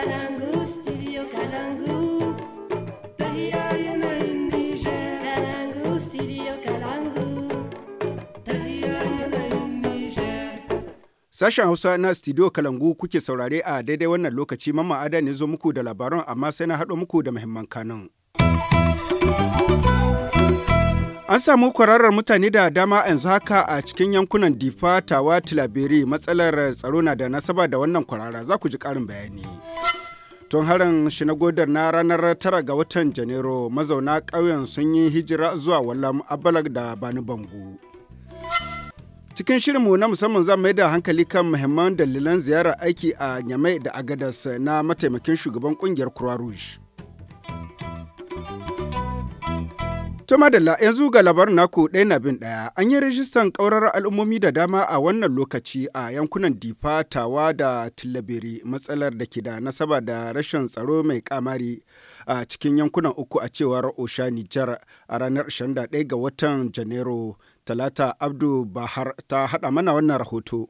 Kalangu, Sashen Hausa na studio Kalangu kuke saurare a daidai wannan lokaci mamma ada ne zo muku da labaran amma sai na haɗo muku da muhimman kanun. An samu kwararar mutane da dama a yanzu haka a cikin yankunan Difa, Tawa, Tilaberi matsalar tsaro na da nasaba da wannan kwarara za ku ji ƙarin bayani. Tun harin shi na godar na ranar tara ga watan Janairu mazauna ƙauyen sun yi hijira zuwa Wallam Abalag da Bani Bangu. Cikin shirinmu na musamman za mai da hankali kan muhimman dalilan ziyarar aiki a Nyamai da Agadas na mataimakin shugaban ƙungiyar Croix To madalla yanzu ga labarin naku ɗaya na bin ɗaya an yi rijistan ƙaurar al'ummomi da dama a wannan lokaci a yankunan Difa, Tawa da Tillabiri matsalar da ke da nasaba da rashin tsaro mai kamari a cikin yankunan uku a cewar Osha Nijar a ranar 21 ga watan Janairu. Talata Abdu Bahar ta haɗa mana wannan rahoto.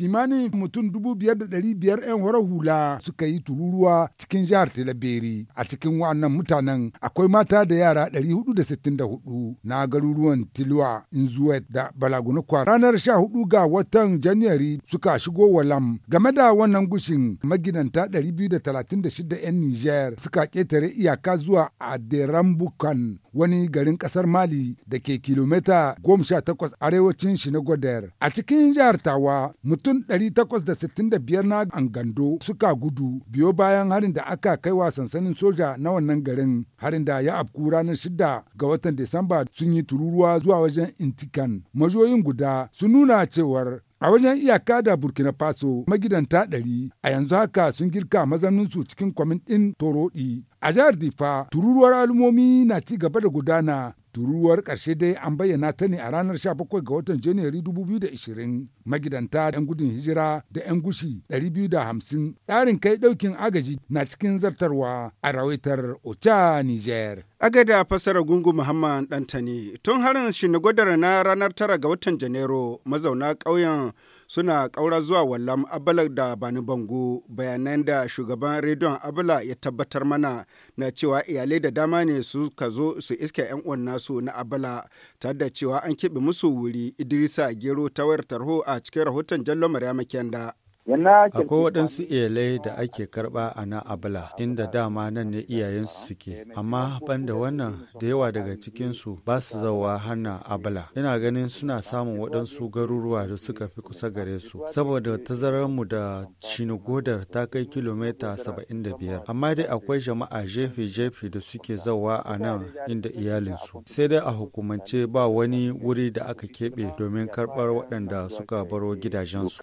kimanin mutum dubu biyar da ɗari biyar 'yan wara hula suka yi tururuwa cikin jihar talabiri a cikin wa'annan mutanen akwai mata da yara ɗari hudu da sittin da hudu na garuruwan tilwa inzuwet da balagunukwa ranar sha hudu ga watan janairu suka shigo walam game da wannan gushin maginanta ɗari biyu da talatin da shida 'yan niger suka ƙetare iyaka zuwa aderambukan wani garin ƙasar mali da ke kilomita goma sha takwas arewacin shinagodar a cikin jihar tawa mutum mutum 865 na angando suka gudu biyo bayan harin da aka kai wa sansanin soja na wannan garin harin da ya afku ranar 6 ga watan Disamba sun yi tururuwa zuwa wajen Intikan. Majoyin guda sun nuna cewar A wajen iyaka da Burkina Faso magidanta ɗari a yanzu haka sun girka mazauninsu cikin kwamin ɗin A jihar Difa, tururuwar alumomi na ci gaba da gudana Turuwar ƙarshe dai an bayyana ta ne a ranar 17 ga watan Janairu 2020 magidanta 'yan gudun hijira da 'yan gushi 250 tsarin kai daukin agaji na cikin zartarwa a rawaitar Ocha Niger. Agada fasara gungu Muhammad Dantani tun harin shi na ranar 9 ga watan Janairu mazauna ƙauyen suna kaura zuwa wallam abala da bani bango bayanan da shugaban rediyon abala ya tabbatar mana na cewa iyalai da dama ne su ka zo su iska 'yan uwan nasu na abala tare da cewa an keɓe musu wuri idrisa gero ta wayar tarho a cikin rahoton jallo maryama kenda Akwai waɗansu iyalai da ake karɓa a nan Abla, inda dama nan ne iyayensu suke, amma ban da wannan da yawa daga cikinsu ba su zauwa hana Abla. Ina ganin suna samun waɗansu garuruwa da suka fi kusa gare su, saboda tazararmu da Shinigodar ta kai kilomita 75. Amma dai akwai jama'a jefi-jefi da suke zauwa a nan inda iyalinsu. Sai dai a hukumance ba wani wuri da aka keɓe domin karɓar waɗanda suka baro gidajensu.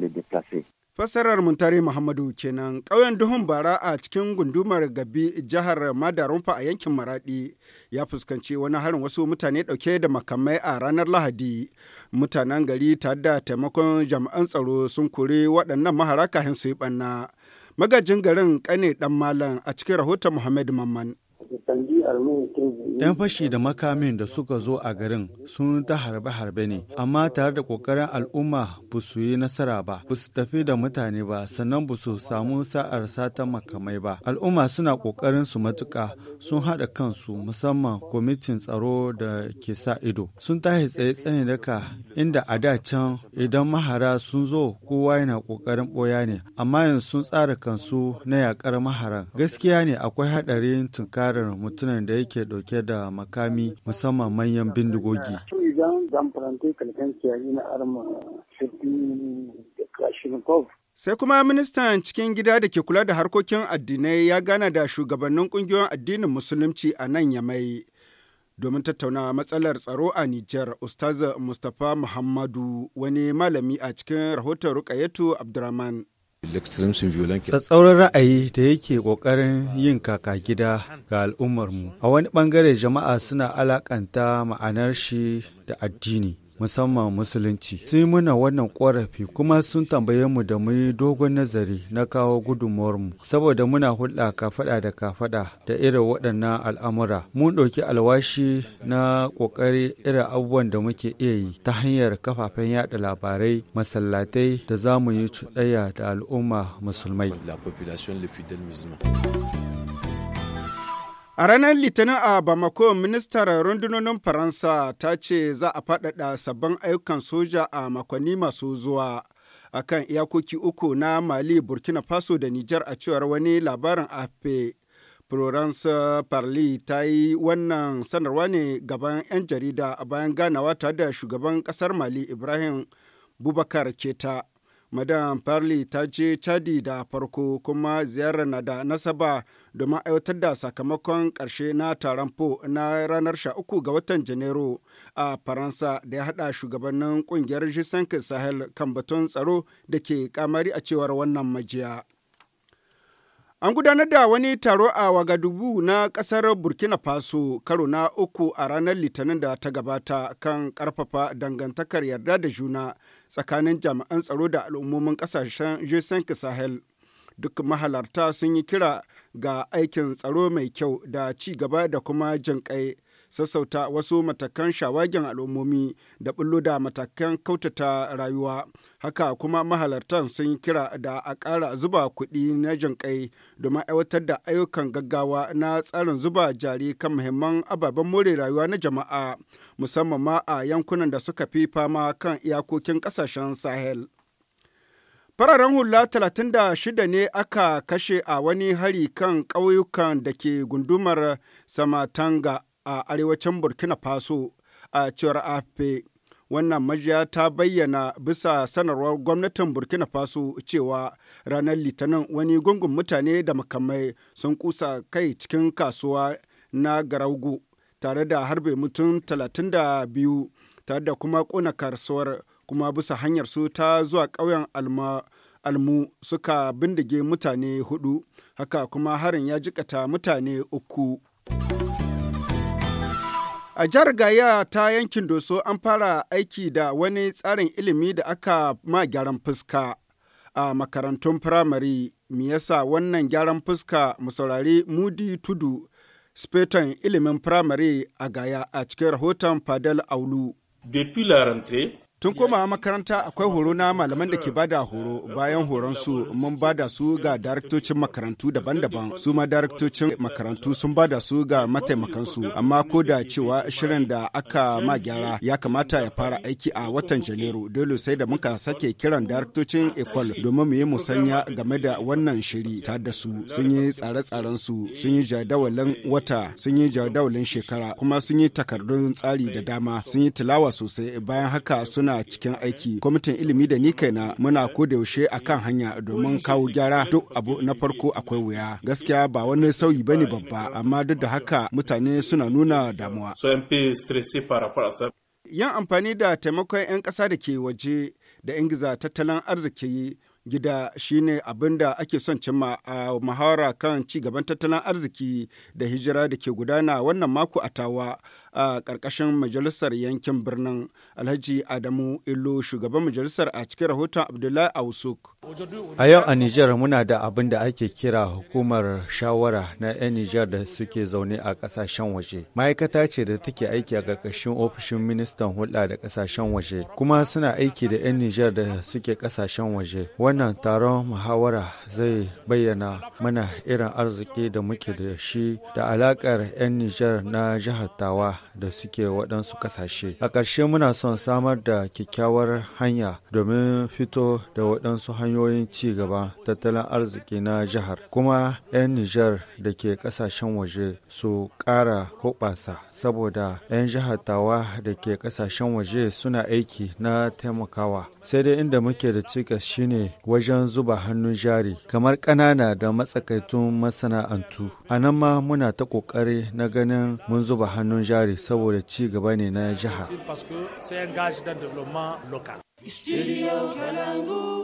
da déplacer. Fassarar Muntare Muhammadu kenan ƙauyen Duhun Bara a cikin gundumar Gabi jihar Madarunfa a yankin Maradi ya fuskanci wani harin wasu mutane ɗauke da makamai a ranar Lahadi. Mutanen gari tare da taimakon jami'an tsaro sun kuri waɗannan mahara kahin su yi ɓanna. Magajin garin Kane ɗan Malam a cikin rahoton Muhammadu Mamman. 'Yan fashi da makamin da suka zo a garin sun ta harbe-harbe ne, amma tare da ƙoƙarin al'umma ba su yi nasara ba, ba su tafi da mutane ba, sannan ba su samu sa'ar satan makamai ba. Al'umma suna ƙoƙarin su matuka sun haɗa kansu musamman kwamitin tsaro da ke sa ido. Sun tahi tsaye-tsaye daga inda a da can idan mahara sun zo kowa yana ƙoƙarin boya ne, amma yanzu sun tsara kansu na yaƙar maharan. Gaskiya ne akwai haɗarin tunkarar mutumin da yake ɗauke da makami musamman manyan bindigogi. Sai kuma ministan cikin gida da ke kula da harkokin addinai ya gana da shugabannin kungiyoyin addinin musulunci a nan yamai. Domin tattauna matsalar tsaro a Nijar, Ustaz Mustapha Muhammadu wani malami a cikin rahoton Rukayetu Abdurrahman. tsatsauran ra'ayi da yake kokarin yin kaka gida ga al'ummarmu a wani bangare jama'a suna alakanta ma'anar shi da addini musamman musulunci sai muna wannan korafi kuma sun tambaye mu da muyi dogon nazari na kawo mu saboda muna hulɗa kafaɗa da kafaɗa da irin waɗannan al'amura mun ɗauki alwashi na ƙoƙari irin abubuwan da muke iya yi ta hanyar kafafen yaɗa labarai masallatai da za mu yi cuɗaya da al'umma musulmai A ranar Litinin a Bamako, ministar rundunonin Faransa ta ce za a faɗaɗa sabbin ayyukan soja a makonni masu zuwa. a kan iyakoki uku na Mali, Burkina Faso da Nijar a cewar wani labarin afe. Florence Parly ta yi wannan sanarwa ne gaban 'yan jarida a bayan ganawa tare da shugaban kasar Mali Ibrahim Bubakar Keta. Madam Parly ta je Chadi da farko kuma ziyarar na da nasaba domin aiwatar da sakamakon ƙarshe na taron po na ranar 13 ga watan Janairu a Faransa da ya haɗa shugabannin ƙungiyar jisan Sahel kan batun tsaro da ke kamari a cewar wannan majiya. An gudanar da wani taro a Wagadugu na ƙasar Burkina Faso karo na uku a ranar Litinin da ta gabata kan ƙarfafa dangantakar yarda da juna tsakanin jami'an tsaro da al'ummomin ƙasashen g Sahel. Duk mahalarta sun yi kira ga aikin tsaro mai kyau da ci gaba da kuma jinƙai. sassauta wasu matakan shawagen al'ummomi da bullo da matakan kautata rayuwa haka kuma mahalartan sun kira da a ƙara zuba kuɗi na jinƙai domin aiwatar da ayyukan gaggawa na tsarin zuba jari kan muhimman ababen more rayuwa na jama'a musamman ma a yankunan da suka fi fama kan iyakokin ƙasashen sahel Fararen hula 36 ne aka kashe a wani hari kan ƙauyukan da ke gundumar Samatanga a arewacin Burkina Faso a cewar AFP. wannan majiya ta bayyana bisa sanarwar gwamnatin burkina faso cewa ranar litinin wani gungun mutane da makamai sun kusa kai cikin kasuwa na garaugu tare da harbe mutum 32 tare da kuma kona kasuwar kuma bisa hanyar su ta zuwa ƙauyen almu suka bindige mutane hudu haka kuma harin ya jikata mutane uku. A jihar Gaya ta yankin Doso an fara aiki da wani tsarin ilimi da aka ma gyaran fuska a makarantun firamare. mi yasa wannan gyaran fuska musaurari saurari Mudi Tudu, speton ilimin firamare a Gaya a cikin rahoton Fadal Aulu. Depuis la rentrée, Tun koma makaranta akwai horo na malaman da ke bada horo bayan horon su mun bada su ga daraktocin makarantu daban-daban su ma daraktocin makarantu sun bada su ga mataimakan su amma ko da cewa shirin da aka ma gyara ya kamata ya fara aiki a watan Janairu dole sai da muka sake kiran daraktocin Ecole domin mu yi musanya game da wannan shiri ta da su sun yi tsare-tsaren su sun yi jadawalin wata sun yi jadawalin shekara kuma sun yi takardun tsari da dama sun yi tilawa sosai bayan haka suna muna cikin aiki kwamitin ilimi da ni kaina muna kodayaushe a kan hanya domin kawo gyara duk abu na farko akwai wuya gaskiya ba wani sauyi ba ne babba amma duk da haka mutane suna nuna damuwa yan amfani da taimakon 'yan ƙasa da ke waje da ingiza tattalin arziki gida shine abin da ake son cimma a muhawara kan ci gaban tattalin arziki da hijira da ke gudana wannan mako a tawa a ƙarƙashin majalisar yankin birnin alhaji adamu Ilo shugaban majalisar a cikin rahoton abdullahi ausuk A yau a Nijar muna da abin da ake kira hukumar shawara na 'yan Nijar da suke zaune a ƙasashen waje. Ma'aikata ce da take aiki a ƙarƙashin ofishin ministan hulɗa da ƙasashen waje, kuma suna aiki da 'yan Nijar da suke ƙasashen waje. Wannan taron muhawara zai bayyana mana irin arziki da muke da shi da alaƙar 'yan Nijar na jihar Tawa da suke waɗansu ƙasashe. A ƙarshe muna son samar da kyakkyawar hanya domin fito da waɗansu hanyoyin ci gaba tattalin arziki na jihar. Kuma 'yan Nijar da ke ƙasashen waje su ƙara hoɓasa saboda 'yan jihar tawa da ke ƙasashen waje suna aiki na taimakawa. Sai dai inda muke da cikas shine wajen zuba hannun jari kamar ƙanana da matsakaitun masana'antu. A nan ma muna ta ƙoƙari na ganin mun zuba hannun jari saboda ci gaba ne na jiha. Studio Kalangu.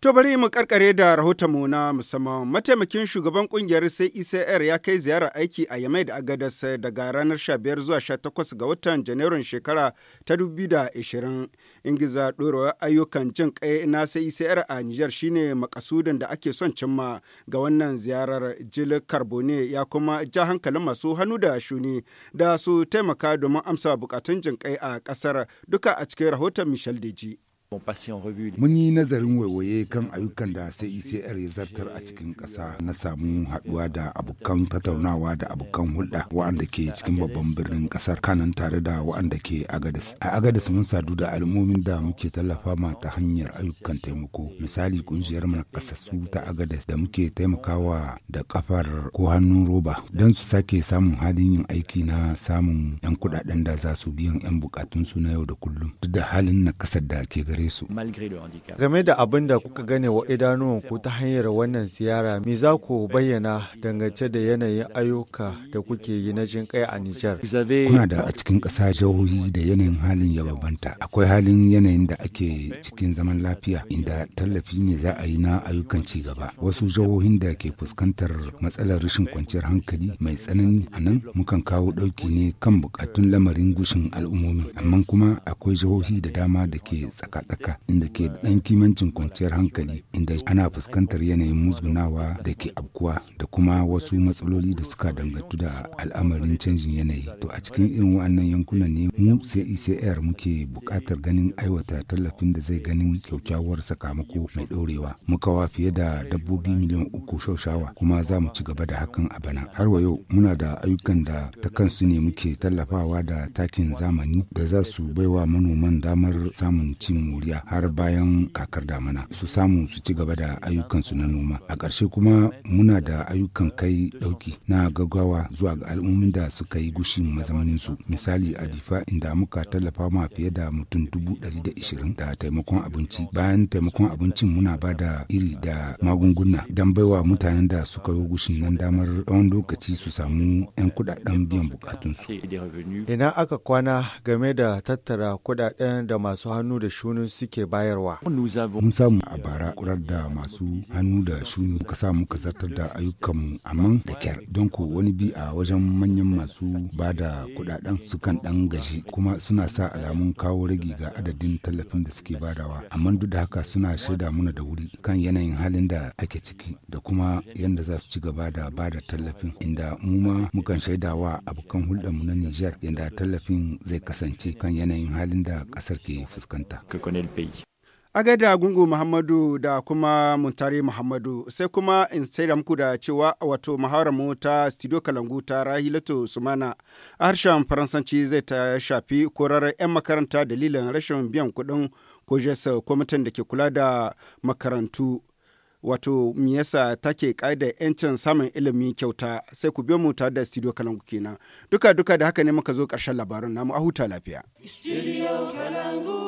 To bari mu karkare da rahotonmu na musamman mataimakin shugaban kungiyar sai ICR e ya kai ziyarar aiki a Yamai da Agadas daga ranar 15 zuwa 18 ga watan Janairun shekara ta 2020. Ingiza ɗorewar ayyukan jin kai na sai ICR e a Nijar shine makasudin da ake son cimma ga wannan ziyarar Jil Carbone ya kuma ja hankalin masu hannu da shuni da su taimaka domin amsa bukatun jin kai a ƙasar duka a cikin rahoton Michel Deji. Mun yi nazarin waiwaye kan ayyukan da sai e CICR ya zartar a cikin ƙasa na samu haɗuwa da abokan tattaunawa da abokan hulɗa waɗanda ke cikin babban birnin ƙasar kanan tare da waɗanda ke Agadis. A Agadis mun sadu da al'ummomin da muke tallafa ma ta hanyar ayyukan taimako. Misali ƙungiyar nakasassu ta Agadis da muke taimakawa da kafar ko hannun roba don su sake samun halin yin aiki na samun 'yan kuɗaɗen da za su biyan 'yan bukatunsu na yau da kullum duk da halin na ƙasar da ke gari. gare su. Game da abin da kuka gane wa idanuwan ku ta hanyar wannan ziyara, me za ku bayyana dangance da yanayin ayyuka da kuke yi na jin kai a Nijar? Kuna da a cikin ƙasa jihohi da yanayin halin ya bambanta. Akwai halin yanayin da ake cikin zaman lafiya inda tallafi ne za a yi na ayyukan ci gaba. Wasu jihohin da ke fuskantar matsalar rashin kwanciyar hankali mai tsanani a nan mukan kawo ɗauki ne kan buƙatun lamarin gushin al'ummomi. Amma kuma akwai jihohi da dama da ke tsaka tsaka inda ke da ɗan kimancin kwanciyar hankali inda ana fuskantar yanayin musgunawa da ke abkuwa da kuma wasu matsaloli da suka dangantu da al'amarin canjin yanayi to a cikin irin wa'annan yankunan ne mu CICR e muke buƙatar ganin aiwata tallafin da zai ganin kyaukyawar sakamako mai ɗorewa mukawa fiye da dabbobi miliyan uku shaushawa kuma za mu ci gaba da hakan a bana har wa yau muna da ayyukan da ta kansu ne muke tallafawa da takin zamani da za su baiwa manoman damar samun cin juriya har bayan kakar damana su samu su ci gaba da ayyukansu na noma a ƙarshe kuma muna da ayyukan kai ɗauki na gaggawa zuwa ga al'ummin da suka yi gushin mazamanin su misali a difa inda muka tallafa ma fiye da mutum dubu ɗari da ishirin da taimakon abinci bayan taimakon abincin muna ba da iri da magunguna don baiwa mutanen da suka yi gushin nan damar tsawon lokaci su samu 'yan kuɗaɗen biyan bukatunsu. Ina aka kwana game da tattara kudaden da masu hannu da shunin suke bayarwa. Mun samu a bara kurar da masu hannu da shuni ka sa muka zartar da ayyukanmu amman da kyar don ku wani bi a wajen manyan masu ba da kudaden sukan dan gaji kuma suna sa alamun kawo ragi ga adadin tallafin da suke badawa amma duk da haka suna shaida muna da wuri kan yanayin halin da ake ciki da kuma yadda za su ci gaba da ba da tallafin inda mu ma mukan wa abokan hulɗarmu na Nijar yadda tallafin zai kasance kan yanayin halin da ƙasar ke fuskanta. pays. agada gungu muhammadu da kuma muntari muhammadu sai kuma in sai da muku da cewa wato mu ta studio kalangu ta rahilatu sumana a harshen faransanci zai ta shafi korar 'yan makaranta dalilin rashin biyan kuɗin kojesa kwamitin da ke kula da makarantu wato me yasa take ƙa'idar 'yancin samun ilimi kyauta sai ku biyo mu tare da studio kalangu kenan duka duka da haka ne muka zo karshen labarin namu a huta lafiya studio kalangu